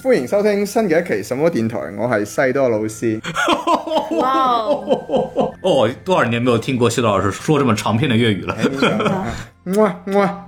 歡迎收聽新嘅一期什麼電台，我係西多老師。哇！哦，多少年沒有聽過西多老師說這麼長篇嘅粵語了。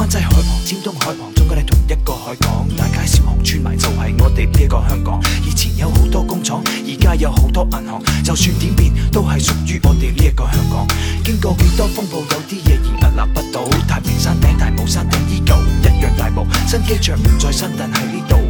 灣仔海旁、尖東海旁、中間係同一個海港，大街小巷、穿埋就係、是、我哋呢一個香港。以前有好多工廠，而家有好多銀行，就算點變都係屬於我哋呢一個香港。經過幾多風暴，有啲嘢仍然屹立不倒。太平山頂、大帽山頂依舊一樣大霧，新機場唔再新，但喺呢度。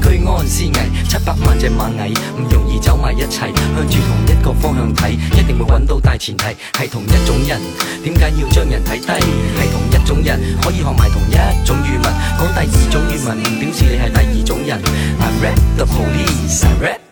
居安思危，七百萬隻螞蟻唔容易走埋一齊，向住同一個方向睇，一定會揾到大前提，係同一種人。點解要將人睇低？係同一種人，可以學埋同一種語文，講第二種語文，唔表示你係第二種人。I rap the police, I rap.